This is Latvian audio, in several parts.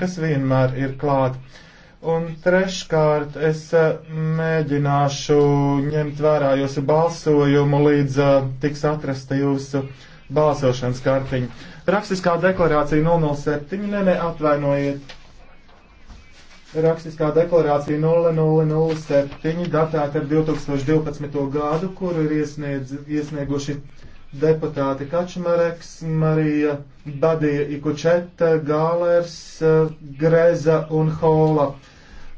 kas vienmēr ir klāt. Un treškārt es eh, mēģināšu ņemt vērā jūsu balsojumu līdz eh, tiks atrasta jūsu balsošanas kartiņa. Rakstiskā deklarācija 007, nē, nē, atvainojiet. Rakstiskā deklarācija 0007 datēta ar 2012. gadu, kuru ir iesniedz, iesnieguši deputāti Kačmareks, Marija Badija Ikučeta, Gālērs, Greza un Hola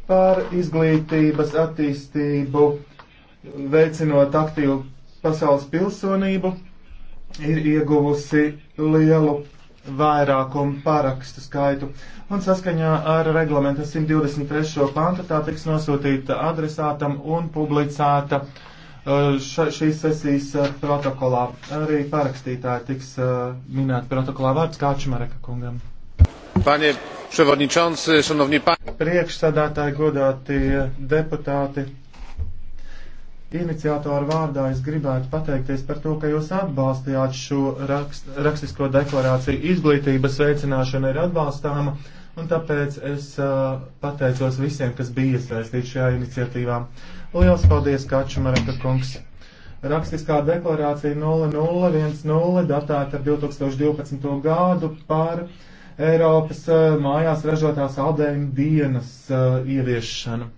par izglītības attīstību, veicinot aktīvu pasaules pilsonību, ir ieguvusi lielu vairākumu parakstu skaitu, un saskaņā ar reglamenta 123. pantu tā tiks nosūtīta adresātam un publicēta ša, šīs sesijas protokolā. Arī parakstītāji tiks minēti protokolā vārds Kāčmareka kungam. Panie Priekšsādātāji, godāti deputāti, Iniciātoru vārdā es gribētu pateikties par to, ka jūs atbalstījāt šo rakst, rakstisko deklarāciju. Izglītības veicināšana ir atbalstāma, un tāpēc es uh, pateicos visiem, kas bija iesaistīti šajā iniciatīvā. Lielas paldies, Kačumaraka kungs! Rakstiskā deklarācija 0010 datēta ar 2012. gadu par Eiropas uh, mājās ražotās aldēņu dienas uh, ieviešanu.